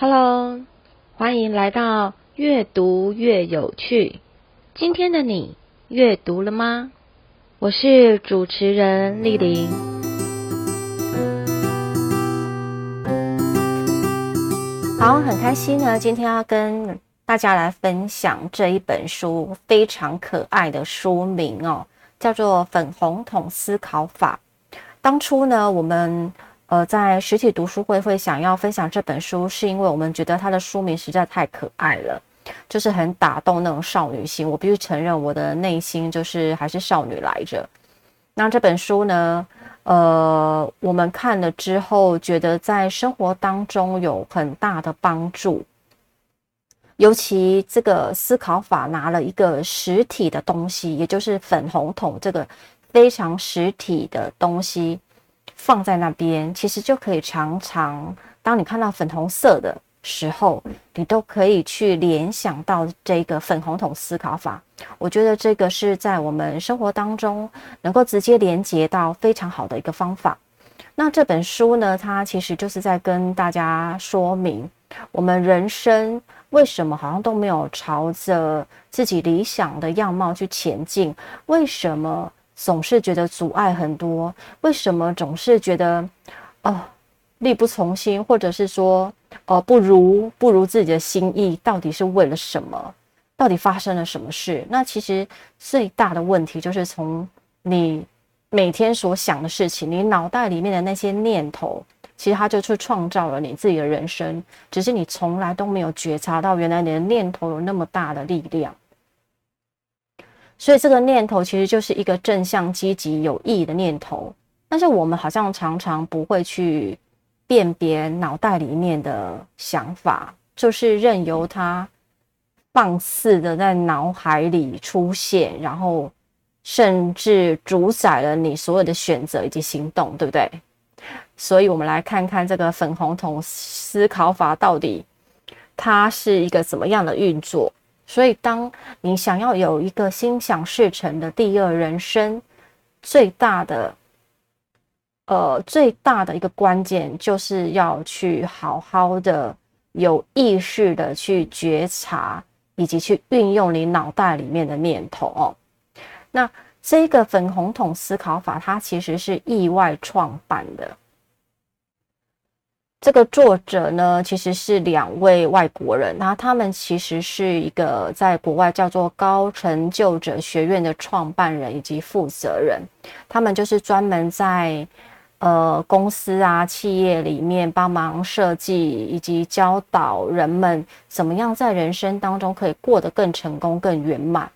Hello，歡迎來到越讀越有趣。今天的你閱讀了嗎？我是主持人麗玲。好，很開心呢，今天要跟大家來分享這一本書，非常可愛的書名哦，叫做《粉紅桶思考法》。當初呢，我們。呃，在實體讀書會會想要分享這本書，是因為我們覺得它的書名實在太可愛了，就是很打動那種少女心。我必須承認，我的內心就是還是少女來着。那這本書呢，呃，我們看了之後，覺得在生活當中有很大的幫助，尤其這個思考法拿了一個實體的東西，也就是粉紅桶，這個非常實體的東西。放在那邊，其實就可以常常，當你看到粉紅色的時候，你都可以去聯想到這個粉紅桶思考法。我覺得這個是在我們生活當中能夠直接連接到非常好的一個方法。那這本書呢，它其實就是在跟大家說明，我們人生為什麼好像都沒有朝着自己理想的樣貌去前進，為什麼？總是覺得阻礙很多，為什麼總是覺得，哦、呃，力不從心，或者是說，哦、呃，不如不如自己的心意，到底是為了什麼？到底發生了什麼事？那其實最大的問題就是從你每天所想的事情，你腦袋裡面的那些念頭，其實它就去創造了你自己的人生，只是你從來都沒有覺察到，原來你的念頭有那麼大的力量。所以這個念頭其實就是一個正向、積極、有益的念頭，但是我們好像常常不會去辨別腦袋裡面的想法，就是任由它放肆的在腦海裡出現，然後甚至主宰了你所有的選擇以及行動，對不對？所以我們來看看這個粉紅桶思考法到底它是一個怎麼樣的運作。所以，當你想要有一個心想事成的第二人生，最大的，呃，最大的一個關鍵，就是要去好好的、有意識的去覺察，以及去運用你腦袋裡面的念頭哦。那這個粉紅桶思考法，它其實是意外創辦的。這個作者呢，其實是兩位外國人，那他們其實是一個在國外叫做高成就者學院的創辦人以及負責人，他們就是專門在呃公司啊、企業裡面幫忙設計以及教導人們怎麼樣在人生當中可以過得更成功、更圓滿。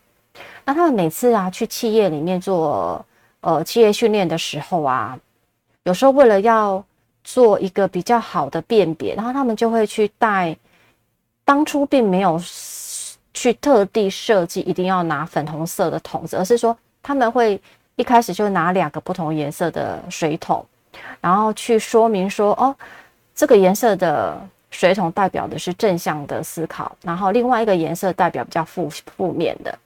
那他們每次啊去企業裡面做呃企業訓練的時候啊，有時候為了要。做一個比較好的辨別，然後他們就會去帶，當初並沒有去特地設計一定要拿粉紅色的桶子，而是說他們會一開始就拿兩個不同顏色的水桶，然後去說明說，哦，這個顏色的水桶代表的是正向的思考，然後另外一個顏色代表比較負負面的，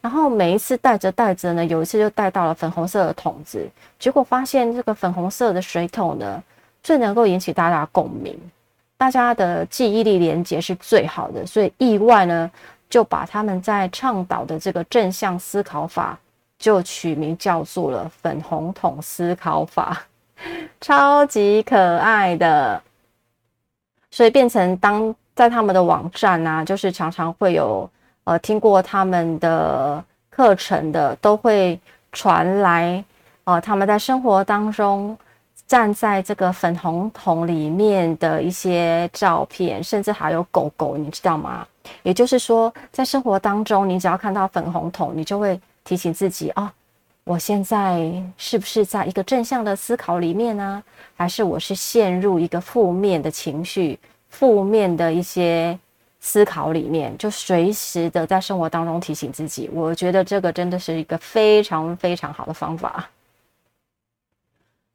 然後每一次帶着帶着呢，有一次就帶到了粉紅色的桶子，結果發現這個粉紅色的水桶呢。最能夠引起大家共鳴，大家的記憶力連結是最好的，所以意外呢就把他們在倡導的這個正向思考法就取名叫做了“粉紅桶思考法”，超級可愛的。所以變成當在他們的網站啊，就是常常會有呃聽過他們的課程的都會傳來呃，他們在生活當中。站在這個粉紅桶裡面的一些照片，甚至還有狗狗，你知道嗎？也就是說，在生活當中，你只要看到粉紅桶，你就會提醒自己：哦，我現在是不是在一個正向的思考裡面呢、啊？還是我是陷入一個負面的情緒、負面的一些思考裡面？就隨時的在生活當中提醒自己。我覺得這個真的是一個非常非常好的方法。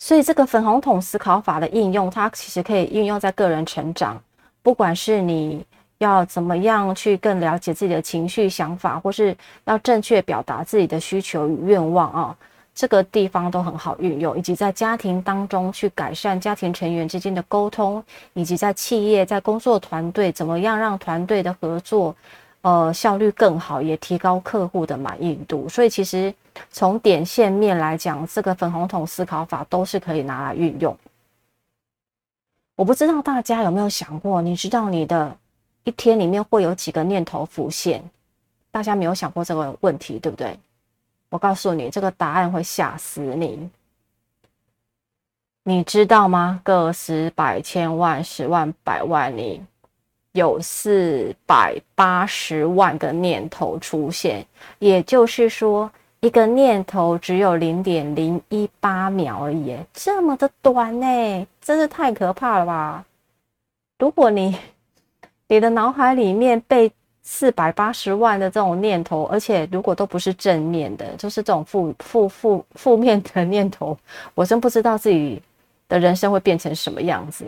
所以，這個粉紅桶思考法的應用，它其實可以運用在個人成長，不管是你要怎麼樣去更了解自己的情緒、想法，或是要正確表達自己的需求與願望啊，這個地方都很好運用，以及在家庭當中去改善家庭成員之間的溝通，以及在企業、在工作團隊，怎麼樣讓團隊的合作，呃，效率更好，也提高客戶的滿意度。所以，其實。從點線面來講，這個粉紅桶思考法都是可以拿來運用。我不知道大家有沒有想過，你知道你的一天裡面會有幾個念頭浮現？大家沒有想過這個問題，對不對？我告訴你，這個答案會嚇死你。你知道嗎？個十百千萬十萬百萬里，有四百八十萬個念頭出現，也就是說。一個念頭只有零點零一八秒而已，這麼的短呢，真是太可怕了吧？如果你你的腦海裡面被四百八十萬的這種念頭，而且如果都不是正面的，就是這種負負負負面的念頭，我真不知道自己的人生會變成什麼樣子。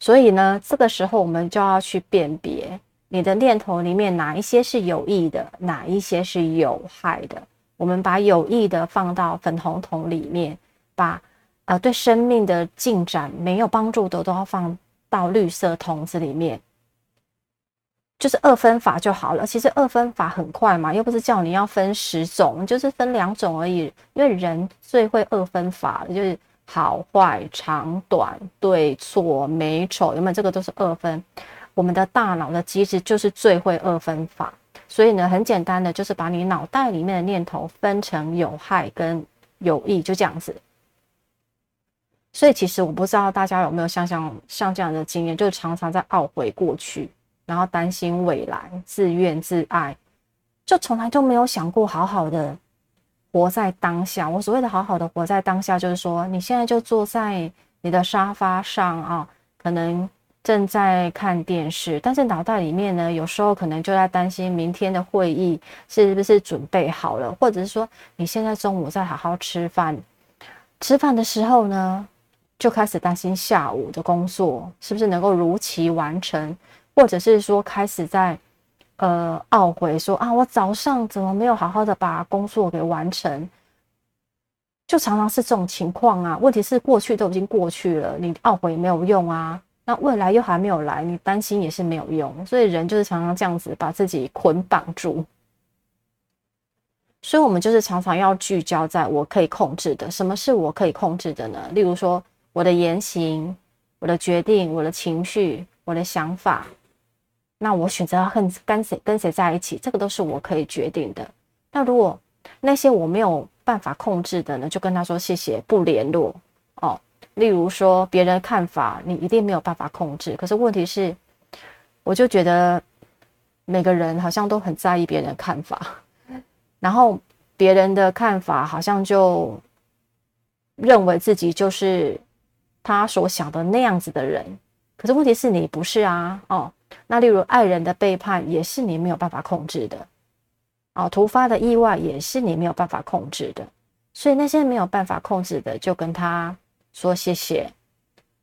所以呢，這個時候我們就要去辨別。你的念頭裡面哪一些是有益的，哪一些是有害的？我們把有益的放到粉紅桶裡面，把呃對生命的進展沒有幫助的都要放到綠色桶子裡面，就是二分法就好了。其實二分法很快嘛，又不是叫你要分十種，就是分兩種而已。因為人最會二分法，就是好壞、長短、對錯、美醜，原本有沒有這個都是二分。我們的大腦的機制就是最會二分法，所以呢，很簡單的就是把你腦袋裡面的念頭分成有害跟有益，就這樣子。所以其實我不知道大家有沒有像像像這樣的經驗，就常常在懊悔過去，然後擔心未來，自怨自艾，就從來都沒有想過好好的活在當下。我所謂的好好的活在當下，就是說你現在就坐在你的沙發上啊，可能。正在看電視，但是腦袋裡面呢，有時候可能就在擔心明天的會議是不是準備好了，或者是說你現在中午在好好吃飯，吃飯的時候呢，就開始擔心下午的工作是不是能夠如期完成，或者是說開始在呃懊悔說啊，我早上怎麼沒有好好的把工作給完成，就常常是這種情況啊。問題是過去都已經過去了，你懊悔也沒有用啊。那未來又還沒有來，你擔心也是沒有用。所以人就是常常這樣子把自己捆綁住。所以，我們就是常常要聚焦在我可以控制的。什麼是我可以控制的呢？例如說，我的言行、我的決定、我的情緒、我的想法。那我選擇要跟誰跟誰在一起，這個都是我可以決定的。那如果那些我沒有辦法控制的呢，就跟他說謝謝，不聯絡哦。例如說，別人的看法你一定沒有辦法控制。可是問題是，我就覺得每個人好像都很在意別人的看法，然後別人的看法好像就認為自己就是他所想的那樣子的人。可是問題是你不是啊，哦，那例如愛人的背叛也是你沒有辦法控制的，啊、哦，突發的意外也是你沒有辦法控制的。所以那些沒有辦法控制的，就跟他說謝謝，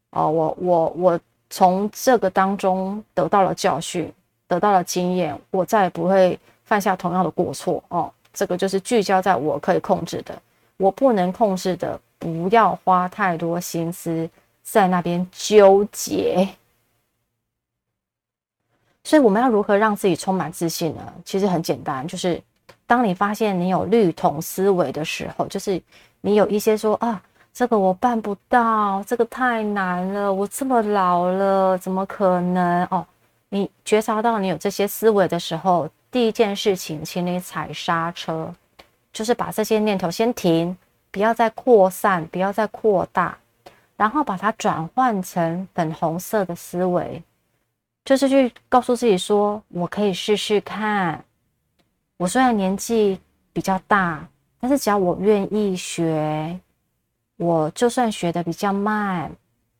哦，我我我從這個當中得到了教訓，得到了經驗，我再也不會犯下同樣的過錯哦。這個就是聚焦在我可以控制的，我不能控制的，不要花太多心思在那邊糾結。所以我們要如何讓自己充滿自信呢？其實很簡單，就是當你發現你有綠桶思維的時候，就是你有一些說啊。這個我辦不到，這個太難了，我這麼老了，怎麼可能？哦，你覺察到你有這些思維的時候，第一件事情，請你踩剎車，就是把這些念頭先停，不要再擴散，不要再擴大，然後把它轉換成粉紅色的思維，就是去告訴自己說，我可以試試看。我雖然年紀比較大，但是只要我願意學。我就算學的比較慢，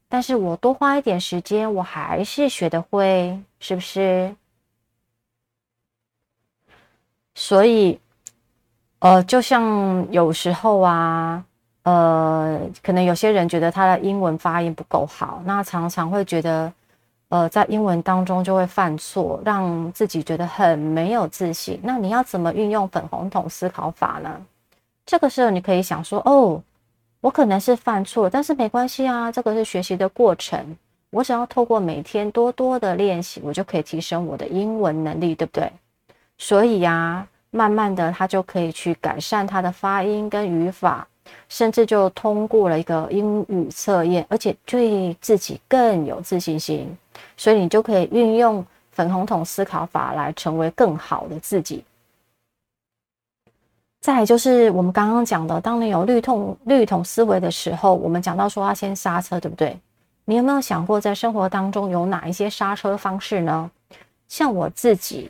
但是我多花一點時間，我還是學得會，是不是？所以，呃，就像有時候啊，呃，可能有些人覺得他的英文發音不夠好，那常常會覺得，呃，在英文當中就會犯錯，讓自己覺得很沒有自信。那你要怎麼運用粉紅桶思考法呢？這個時候你可以想說，哦。我可能是犯錯，但是沒關係啊，這個是學習的過程。我只要透過每天多多的練習，我就可以提升我的英文能力，對不對？所以呀，慢慢的他就可以去改善他的發音跟語法，甚至就通過了一個英語測驗，而且對自己更有自信心。所以你就可以運用粉紅桶思考法來成為更好的自己。再來就是我們剛剛講的，當你有綠桶綠桶思維的時候，我們講到說要先剎車，對不對？你有沒有想過，在生活當中有哪一些剎車方式呢？像我自己，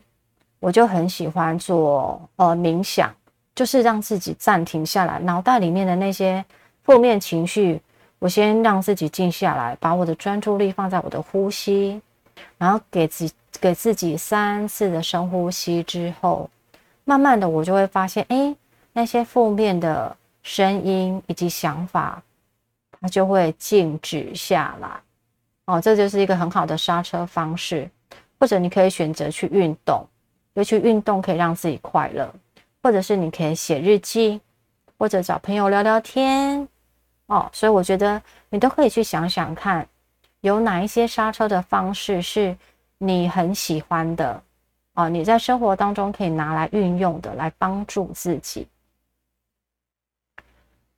我就很喜歡做呃冥想，就是讓自己暫停下來，腦袋裡面的那些負面情緒，我先讓自己靜下來，把我的專注力放在我的呼吸，然後給自己給自己三次的深呼吸之後。慢慢的，我就會發現，誒，那些負面的聲音以及想法，它就會靜止下來。哦，這就是一個很好的剎車方式。或者你可以選擇去運動，尤其運動可以讓自己快樂。或者是你可以寫日記，或者找朋友聊聊天。哦，所以我覺得你都可以去想想看，有哪一些剎車的方式是你很喜歡的。啊、哦，你在生活當中可以拿來運用的，來幫助自己。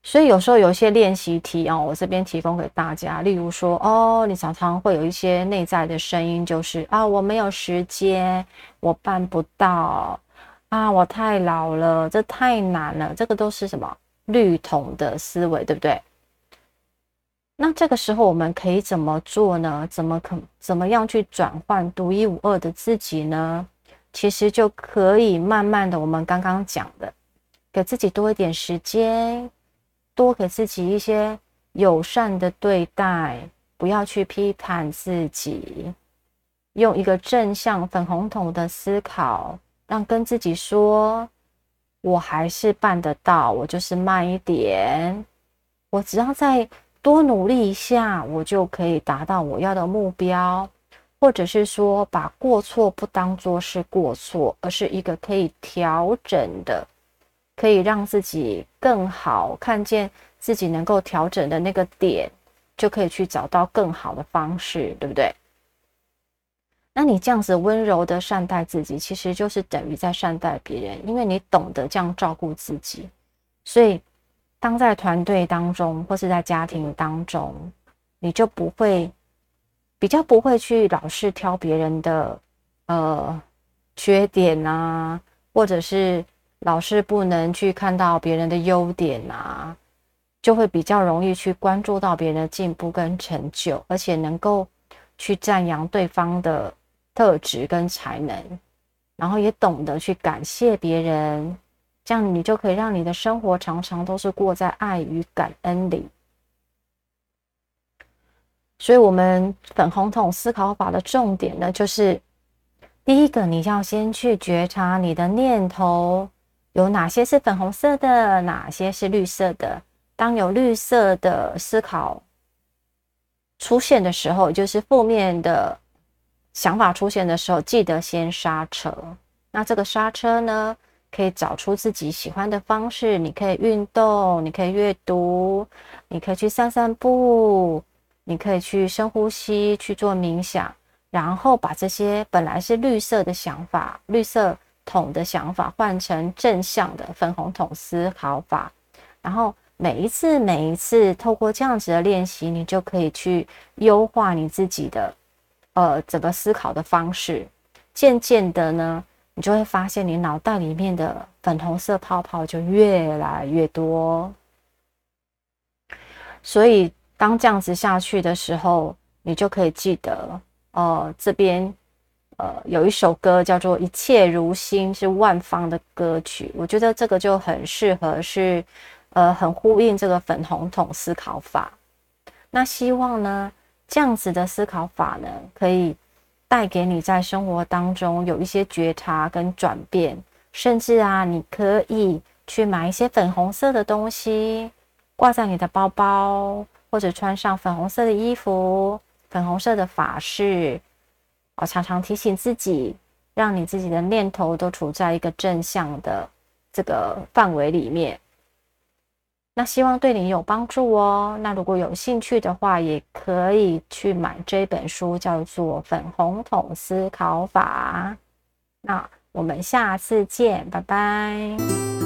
所以有時候有一些練習題啊、哦，我這邊提供給大家。例如說，哦，你常常會有一些內在的聲音，就是啊，我沒有時間，我辦不到，啊，我太老了，這太難了，這個都是什麼綠桶的思維，對不對？那這個時候我們可以怎麼做呢？怎麼可怎麼樣去轉換獨一無二的自己呢？其實就可以慢慢的，我們剛剛講的，給自己多一點時間，多給自己一些友善的對待，不要去批判自己，用一個正向粉紅桶的思考，讓跟自己說，我還是辦得到，我就是慢一點，我只要再多努力一下，我就可以達到我要的目標。或者是說，把過錯不當作是過錯，而是一個可以調整的，可以讓自己更好，看見自己能夠調整的那個點，就可以去找到更好的方式，對不對？那你這樣子溫柔的善待自己，其實就是等於在善待別人，因為你懂得這樣照顧自己，所以當在團隊當中或是在家庭當中，你就不會。比較不會去老是挑別人的呃缺點啊，或者是老是不能去看到別人的優點啊，就會比較容易去關注到別人的進步跟成就，而且能夠去讚揚對方的特質跟才能，然後也懂得去感謝別人，這樣你就可以讓你的生活常常都是過在愛與感恩裡。所以，我們粉紅桶思考法的重點呢，就是第一個，你要先去覺察你的念頭有哪些是粉紅色的，哪些是綠色的。當有綠色的思考出現的時候，就是負面的想法出現的時候，記得先剎車。那這個剎車呢，可以找出自己喜歡的方式，你可以運動，你可以閱讀，你可以去散散步。你可以去深呼吸，去做冥想，然後把這些本來是綠色的想法、綠色桶的想法換成正向的粉紅桶思考法。然後每一次、每一次透過這樣子的練習，你就可以去優化你自己的呃整個思考的方式。漸漸的呢，你就會發現你腦袋裡面的粉紅色泡泡就越來越多，所以。當這樣子下去的時候，你就可以記得哦，呃，這邊呃有一首歌叫做《一切如新》，是萬芳的歌曲。我覺得這個就很適合是，是呃很呼應這個粉紅桶思考法。那希望呢，這樣子的思考法呢，可以帶給你在生活當中有一些覺察跟轉變，甚至啊，你可以去買一些粉紅色的東西掛在你的包包。或者穿上粉紅色的衣服、粉紅色的髮飾。我常常提醒自己，讓你自己的念頭都處在一個正向的這個範圍裡面。那希望對你有幫助哦。那如果有興趣的話，也可以去買這本書，叫做《粉紅桶思考法》。那我們下次見，拜拜。